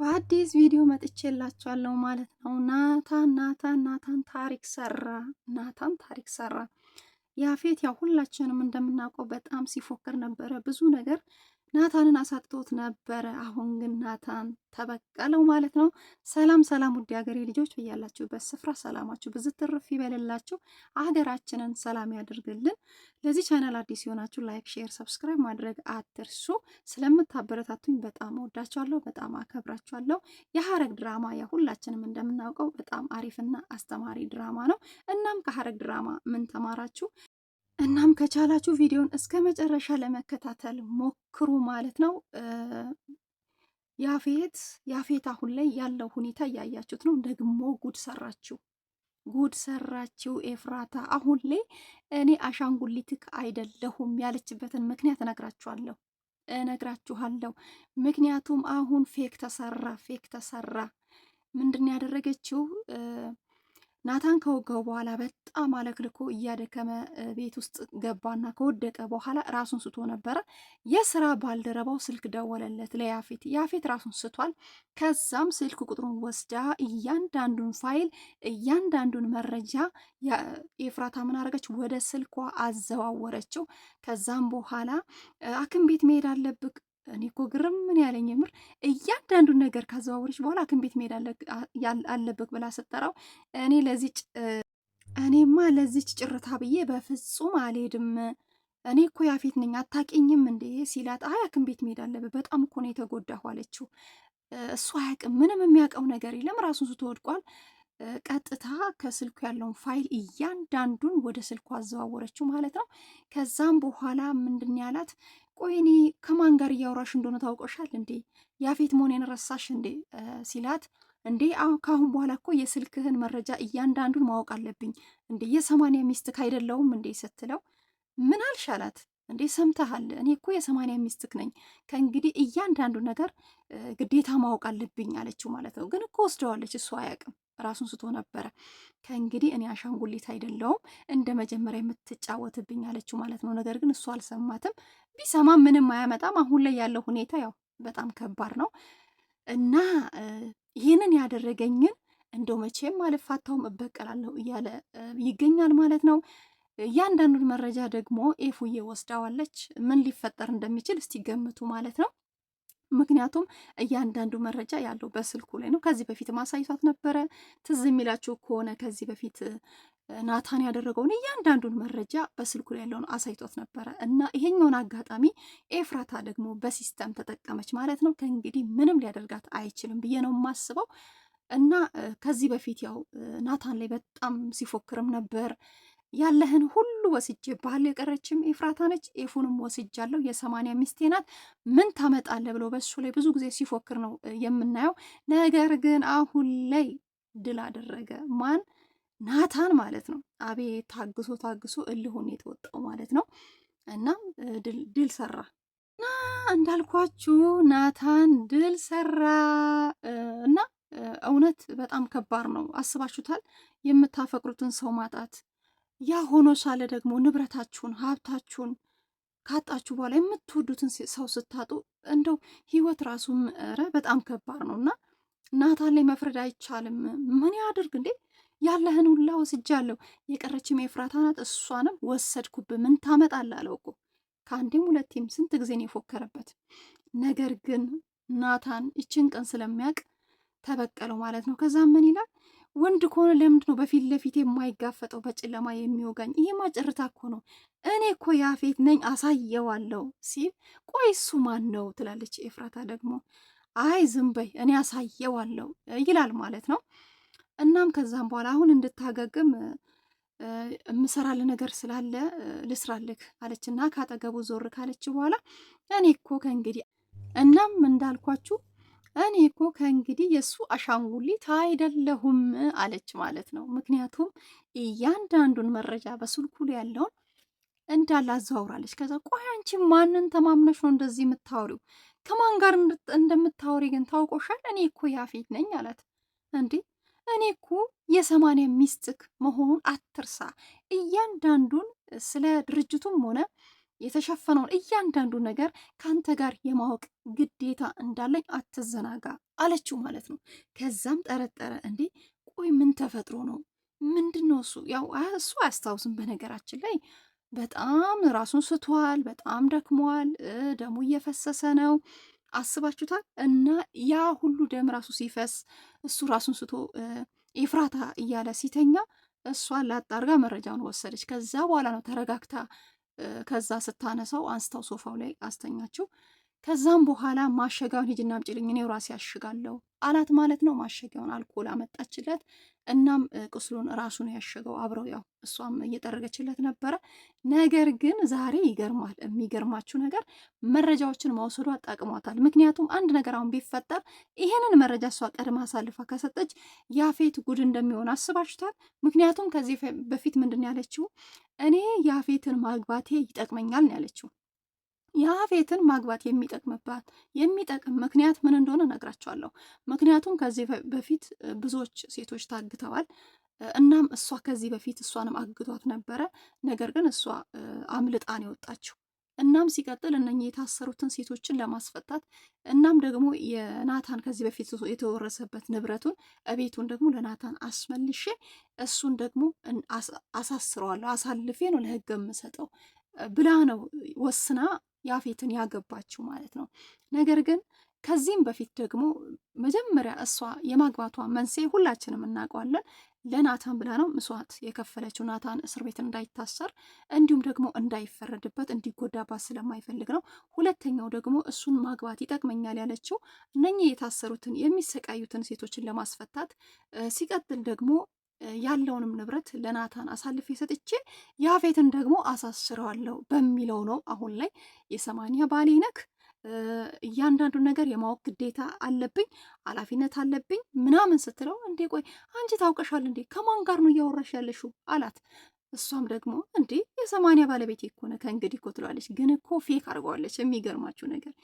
በአዲስ ቪዲዮ መጥቼላችኋለሁ ማለት ነው። ናታን ናታን ናታን ታሪክ ሰራ። ናታን ታሪክ ሰራ። ያፌት ያው ሁላችንም እንደምናውቀው በጣም ሲፎክር ነበረ ብዙ ነገር ናታንን አሳጥቶት ነበረ። አሁን ግን ናታን ተበቀለው ማለት ነው። ሰላም ሰላም፣ ውድ ሀገሬ ልጆች ብያላችሁበት ስፍራ ሰላማችሁ ብዙ ትርፍ ይበልላችሁ፣ ሀገራችንን ሰላም ያደርግልን። ለዚህ ቻናል አዲስ የሆናችሁ ላይክ፣ ሼር፣ ሰብስክራይብ ማድረግ አትርሱ። ስለምታበረታቱኝ በጣም ወዳችኋለሁ፣ በጣም አከብራችኋለሁ። የሀረግ ድራማ የሁላችንም እንደምናውቀው በጣም አሪፍና አስተማሪ ድራማ ነው። እናም ከሀረግ ድራማ ምን ተማራችሁ? እናም ከቻላችሁ ቪዲዮን እስከ መጨረሻ ለመከታተል ሞክሩ ማለት ነው። ያፌት ያፌት አሁን ላይ ያለው ሁኔታ እያያችሁት ነው። ደግሞ ጉድ ሰራችሁ፣ ጉድ ሰራችሁ ኤፍራታ። አሁን ላይ እኔ አሻንጉሊትክ አይደለሁም ያለችበትን ምክንያት እነግራችኋለሁ እነግራችኋለሁ። ምክንያቱም አሁን ፌክ ተሰራ፣ ፌክ ተሰራ። ምንድን ያደረገችው ናታን ከወጋው በኋላ በጣም አለክልኮ እያደከመ ቤት ውስጥ ገባና ከወደቀ በኋላ ራሱን ስቶ ነበረ። የስራ ባልደረባው ስልክ ደወለለት ለያፌት። ያፌት ራሱን ስቷል። ከዛም ስልክ ቁጥሩን ወስዳ እያንዳንዱን ፋይል፣ እያንዳንዱን መረጃ ኤፍራታ ምን አደረገች? ወደ ስልኳ አዘዋወረችው። ከዛም በኋላ አክም ቤት መሄድ አለብህ እኔ እኮ ግርም ምን ያለኝ የምር እያንዳንዱን ነገር ካዘዋወረች በኋላ ሐኪም ቤት መሄድ አለበት ብላ ስጠራው እኔ ለዚች እኔማ ለዚች ጭርታ ብዬ በፍጹም አልሄድም። እኔ እኮ ያፌት ነኝ አታቂኝም እንዴ ሲላት፣ አይ ሐኪም ቤት መሄድ አለበት በጣም እኮ ነው የተጎዳሁ አለችው። እሱ አያውቅም፣ ምንም የሚያውቀው ነገር የለም ራሱን ስቶ ወድቋል። ቀጥታ ከስልኩ ያለውን ፋይል እያንዳንዱን ወደ ስልኩ አዘዋወረችው ማለት ነው። ከዛም በኋላ ምንድን ያላት ቆይ እኔ ከማን ጋር እያወራሽ እንደሆነ ታውቀሻል እንዴ? ያፌት መሆኔን ረሳሽ እንዴ? ሲላት እንዴ አሁን ከአሁን በኋላ እኮ የስልክህን መረጃ እያንዳንዱን ማወቅ አለብኝ እንዴ የሰማንያ ሚስትክ አይደለውም እንዴ ስትለው ምን አልሽ አላት። እንዴ ሰምተሃል፣ እኔ እኮ የሰማንያ ሚስትክ ነኝ ከእንግዲህ እያንዳንዱ ነገር ግዴታ ማወቅ አለብኝ አለችው ማለት ነው። ግን እኮ ወስደዋለች እሱ አያውቅም። ራሱን ስቶ ነበረ። ከእንግዲህ እኔ አሻንጉሊት አይደለውም እንደ መጀመሪያ የምትጫወትብኝ አለችው ማለት ነው። ነገር ግን እሱ አልሰማትም። ቢሰማም ምንም አያመጣም። አሁን ላይ ያለው ሁኔታ ያው በጣም ከባድ ነው እና ይህንን ያደረገኝን እንደው መቼም አልፋታውም እበቀላለሁ እያለ ይገኛል ማለት ነው። እያንዳንዱን መረጃ ደግሞ ኤፉዬ ወስዳዋለች። ምን ሊፈጠር እንደሚችል እስቲ ገምቱ ማለት ነው። ምክንያቱም እያንዳንዱ መረጃ ያለው በስልኩ ላይ ነው። ከዚህ በፊት ማሳይቷት ነበረ። ትዝ የሚላችሁ ከሆነ ከዚህ በፊት ናታን ያደረገውን እያንዳንዱን መረጃ በስልኩ ላይ ያለውን አሳይቷት ነበረ እና ይሄኛውን አጋጣሚ ኤፍራታ ደግሞ በሲስተም ተጠቀመች ማለት ነው። ከእንግዲህ ምንም ሊያደርጋት አይችልም ብዬ ነው የማስበው እና ከዚህ በፊት ያው ናታን ላይ በጣም ሲፎክርም ነበር ያለህን ሁሉ ወስጄ ባህል የቀረችም ኤፍራታ ነች። ኤፉንም ወስጃለሁ። የሰማንያ ሚስቴ ናት። ምን ታመጣለህ ብሎ በሱ ላይ ብዙ ጊዜ ሲፎክር ነው የምናየው። ነገር ግን አሁን ላይ ድል አደረገ ማን ናታን ማለት ነው። አቤት ታግሶ ታግሶ እልሁን የተወጣው ማለት ነው። እና ድል ሰራ እና እንዳልኳችሁ ናታን ድል ሰራ እና እውነት በጣም ከባድ ነው። አስባችሁታል? የምታፈቅሩትን ሰው ማጣት ያ ሆኖ ሳለ ደግሞ ንብረታችሁን ሀብታችሁን ካጣችሁ በኋላ የምትወዱትን ሰው ስታጡ እንደው ህይወት ራሱ ኧረ በጣም ከባድ ነው እና ናታን ላይ መፍረድ አይቻልም። ምን ያድርግ እንዴ? ያለህን ሁላ ወስጃለሁ፣ የቀረችም የፍራታ ናት፣ እሷንም ወሰድኩብ፣ ምን ታመጣለህ አለው እኮ ከአንዴም ሁለቴም ስንት ነው የፎከረበት ነገር ግን ናታን ይችን ቀን ስለሚያውቅ ተበቀለው ማለት ነው። ከዛም ምን ይላል ወንድ ከሆነ ለምንድን ነው በፊት ለፊት የማይጋፈጠው በጨለማ የሚወጋኝ? ይሄማ ጭርታ እኮ ነው። እኔ እኮ ያፌት ነኝ አሳየዋለሁ ሲል ቆይ እሱ ማን ነው ትላለች ኤፍራታ ደግሞ አይ ዝም በይ እኔ አሳየዋለሁ ይላል ማለት ነው። እናም ከዛም በኋላ አሁን እንድታገግም የምሰራል ነገር ስላለ ልስራልክ አለችና ከአጠገቡ ዞር ካለች በኋላ እኔ እኮ ከእንግዲህ እናም እንዳልኳችሁ እኔ እኮ ከእንግዲህ የእሱ አሻንጉሊት አይደለሁም አለች ማለት ነው። ምክንያቱም እያንዳንዱን መረጃ በስልኩ ላይ ያለውን እንዳለ አዘዋውራለች። ከዛ ቆይ አንቺ ማንን ተማምነሽ ነው እንደዚህ የምታወሪው? ከማን ጋር እንደምታወሪ ግን ታውቆሻል? እኔ እኮ ያፌት ነኝ አላት። እንዴ እኔ እኮ የሰማንያ ሚስትክ መሆኑን አትርሳ። እያንዳንዱን ስለ ድርጅቱም ሆነ የተሸፈነውን እያንዳንዱ ነገር ከአንተ ጋር የማወቅ ግዴታ እንዳለኝ አትዘናጋ አለችው ማለት ነው። ከዛም ጠረጠረ። እንዴ ቆይ ምን ተፈጥሮ ነው? ምንድን ነው እሱ? ያው እሱ አያስታውስም። በነገራችን ላይ በጣም ራሱን ስቷል፣ በጣም ደክሟል፣ ደሙ እየፈሰሰ ነው። አስባችሁታል? እና ያ ሁሉ ደም ራሱ ሲፈስ እሱ ራሱን ስቶ ኤፍራታ እያለ ሲተኛ እሷን ላጣርጋ መረጃውን ወሰደች። ከዛ በኋላ ነው ተረጋግታ ከዛ ስታነሳው አንስታው ሶፋው ላይ አስተኛችው። ከዛም በኋላ ማሸጊያውን ሂጅና አምጪልኝ እኔ ራሴ ያሽጋለሁ አላት ማለት ነው። ማሸጊያውን አልኮል አመጣችለት። እናም ቁስሉን ራሱ ነው ያሸገው አብረው ያው እሷም እየጠረገችለት ነበረ። ነገር ግን ዛሬ ይገርማል። የሚገርማችሁ ነገር መረጃዎችን መውሰዷ ጠቅሟታል። ምክንያቱም አንድ ነገር አሁን ቢፈጠር ይሄንን መረጃ እሷ ቀድማ አሳልፋ ከሰጠች ያፌት ጉድ እንደሚሆን አስባችሁታል። ምክንያቱም ከዚህ በፊት ምንድን ያለችው እኔ ያፌትን ማግባቴ ይጠቅመኛል ነው ያለችው ያፌትን ማግባት የሚጠቅምባት የሚጠቅም ምክንያት ምን እንደሆነ እነግራቸዋለሁ። ምክንያቱም ከዚህ በፊት ብዙዎች ሴቶች ታግተዋል። እናም እሷ ከዚህ በፊት እሷንም አግቷት ነበረ። ነገር ግን እሷ አምልጣን የወጣችው እናም ሲቀጥል እነኚህ የታሰሩትን ሴቶችን ለማስፈታት እናም ደግሞ የናታን ከዚህ በፊት የተወረሰበት ንብረቱን እቤቱን ደግሞ ለናታን አስመልሼ እሱን ደግሞ አሳስረዋለሁ አሳልፌ ነው ለሕግ የምሰጠው ብላ ነው ወስና ያፌትን ያገባችው ማለት ነው። ነገር ግን ከዚህም በፊት ደግሞ መጀመሪያ እሷ የማግባቷ መንስኤ ሁላችንም እናውቀዋለን። ለናታን ብላ ነው ምስዋት የከፈለችው ናታን እስር ቤት እንዳይታሰር እንዲሁም ደግሞ እንዳይፈረድበት እንዲጎዳባት ስለማይፈልግ ነው። ሁለተኛው ደግሞ እሱን ማግባት ይጠቅመኛል ያለችው እነኚህ የታሰሩትን የሚሰቃዩትን ሴቶችን ለማስፈታት ሲቀጥል ደግሞ ያለውንም ንብረት ለናታን አሳልፌ ሰጥቼ ያፌትን ደግሞ አሳስረዋለሁ በሚለው ነው። አሁን ላይ የሰማንያ ባሌ ነክ እያንዳንዱ ነገር የማወቅ ግዴታ አለብኝ፣ ኃላፊነት አለብኝ ምናምን ስትለው እንዴ ቆይ አንቺ ታውቀሻል እንዴ ከማን ጋር ነው እያወራሽ ያለሹ አላት። እሷም ደግሞ እንዴ የሰማንያ ባለቤት እኮ ነው ከእንግዲህ እኮ ትለዋለች። ግን እኮ ፌክ አድርገዋለች። የሚገርማችሁ ነገር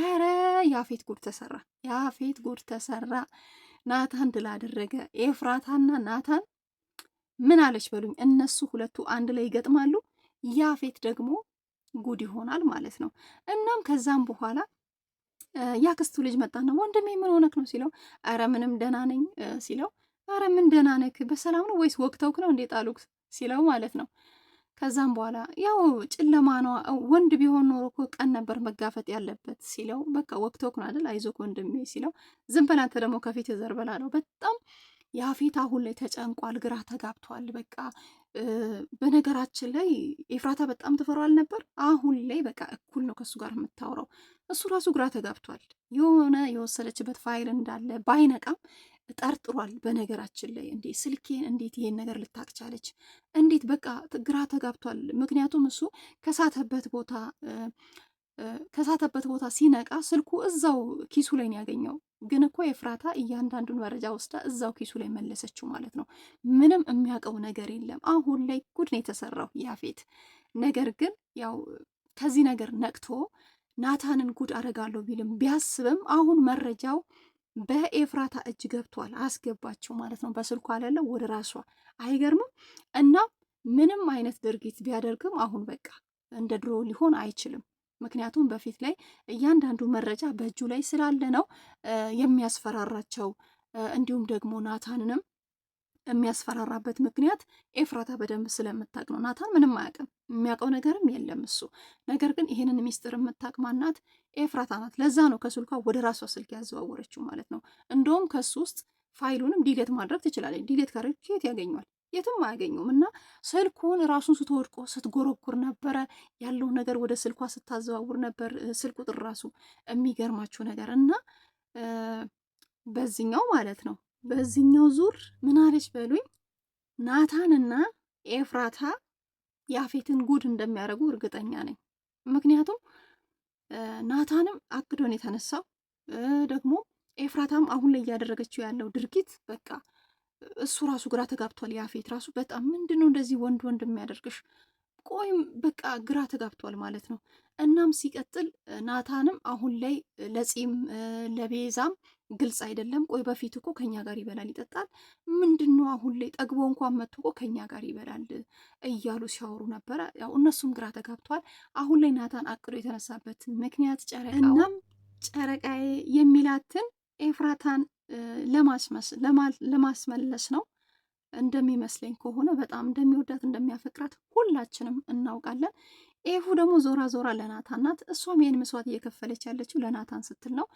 ኧረ ያፌት ጉድ ተሰራ፣ ያፌት ጉድ ተሰራ። ናታን ድል አደረገ። ኤፍራታና ናታን ምን አለች በሉኝ። እነሱ ሁለቱ አንድ ላይ ይገጥማሉ። ያፌት ደግሞ ጉድ ይሆናል ማለት ነው። እናም ከዛም በኋላ ያክስቱ ልጅ መጣና ወንድሜ ምን ሆነክ ነው ሲለው፣ አረ ምንም ደህና ነኝ ሲለው፣ አረ ምን ደህና ነክ በሰላም ነው ወይስ ወቅተውክ ነው እንዴ ጣሉክ ሲለው ማለት ነው ከዛም በኋላ ያው ጨለማ ነው፣ ወንድ ቢሆን ኖሮ እኮ ቀን ነበር መጋፈጥ ያለበት ሲለው፣ በቃ ወቅቶክ ነው አይደል አይዞክ ወንድሜ ሲለው፣ ዝም በል አንተ ደግሞ ከፊት ዘርበላ ነው። በጣም ያፌት አሁን ላይ ተጨንቋል፣ ግራ ተጋብቷል። በቃ በነገራችን ላይ ኤፍራታ በጣም ትፈሯል ነበር። አሁን ላይ በቃ እኩል ነው ከእሱ ጋር የምታውረው እሱ ራሱ ግራ ተጋብቷል። የሆነ የወሰደችበት ፋይል እንዳለ ባይነቃም ጠርጥሯል። በነገራችን ላይ እንዴ ስልኬን እንዴት ይሄን ነገር ልታቅ ቻለች? እንዴት በቃ ግራ ተጋብቷል። ምክንያቱም እሱ ከሳተበት ቦታ ከሳተበት ቦታ ሲነቃ ስልኩ እዛው ኪሱ ላይ ነው ያገኘው። ግን እኮ የፍራታ እያንዳንዱን መረጃ ወስዳ እዛው ኪሱ ላይ መለሰችው ማለት ነው። ምንም የሚያውቀው ነገር የለም። አሁን ላይ ጉድ ነው የተሰራው ያፌት። ነገር ግን ያው ከዚህ ነገር ነቅቶ ናታንን ጉድ አደርጋለሁ ቢልም ቢያስብም አሁን መረጃው በኤፍራታ እጅ ገብቷል። አስገባቸው ማለት ነው በስልኳ አለለ ወደ ራሷ አይገርምም። እና ምንም አይነት ድርጊት ቢያደርግም አሁን በቃ እንደ ድሮ ሊሆን አይችልም። ምክንያቱም በፊት ላይ እያንዳንዱ መረጃ በእጁ ላይ ስላለ ነው የሚያስፈራራቸው። እንዲሁም ደግሞ ናታንንም የሚያስፈራራበት ምክንያት ኤፍራታ በደንብ ስለምታቅ ነው። ናታን ምንም አያውቅም፣ የሚያውቀው ነገርም የለም እሱ። ነገር ግን ይህንን ሚስጥር የምታቅ ማናት ኤፍራታ ናት። ለዛ ነው ከስልኳ ወደ ራሷ ስልክ ያዘዋወረችው ማለት ነው። እንደውም ከሱ ውስጥ ፋይሉንም ዲሌት ማድረግ ትችላለች። ዲሌት ካደረገች የት ያገኟል? የትም አያገኙም። እና ስልኩን ራሱን ስትወድቆ ስትጎረጉር ነበረ ያለውን ነገር ወደ ስልኳ ስታዘዋውር ነበር። ስልክ ቁጥር ራሱ የሚገርማችሁ ነገር እና በዚኛው ማለት ነው በዚህኛው ዙር ምን አለች በሉኝ። ናታንና ኤፍራታ ያፌትን ጉድ እንደሚያደርጉ እርግጠኛ ነኝ። ምክንያቱም ናታንም አቅዶን የተነሳው ደግሞ ኤፍራታም አሁን ላይ እያደረገችው ያለው ድርጊት በቃ እሱ ራሱ ግራ ተጋብቷል። ያፌት ራሱ በጣም ምንድነው እንደዚህ ወንድ ወንድ የሚያደርግሽ? ቆይም በቃ ግራ ተጋብቷል ማለት ነው። እናም ሲቀጥል ናታንም አሁን ላይ ለጺም ለቤዛም ግልጽ አይደለም። ቆይ በፊት እኮ ከኛ ጋር ይበላል ይጠጣል፣ ምንድን ነው አሁን ላይ ጠግቦ እንኳን መጥቶ እኮ ከኛ ጋር ይበላል እያሉ ሲያወሩ ነበረ። ያው እነሱም ግራ ተጋብተዋል። አሁን ላይ ናታን አቅዶ የተነሳበት ምክንያት ጨረቃ እናም ጨረቃዬ የሚላትን ኤፍራታን ለማስመለስ ነው እንደሚመስለኝ ከሆነ በጣም እንደሚወዳት እንደሚያፈቅራት ሁላችንም እናውቃለን። ኤፉ ደግሞ ዞራ ዞራ ለናታን ናት። እሷም ይህን መስዋዕት እየከፈለች ያለችው ለናታን ስትል ነው።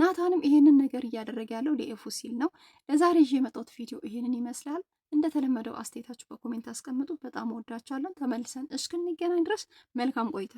ናታንም ይህንን ነገር እያደረገ ያለው ለኤፉ ሲል ነው። ለዛሬ ይዤ የመጣሁት ቪዲዮ ይህንን ይመስላል። እንደተለመደው አስተያየታችሁ በኮሜንት አስቀምጡ። በጣም ወዳችኋለን። ተመልሰን እስክንገናኝ ድረስ መልካም ቆይታ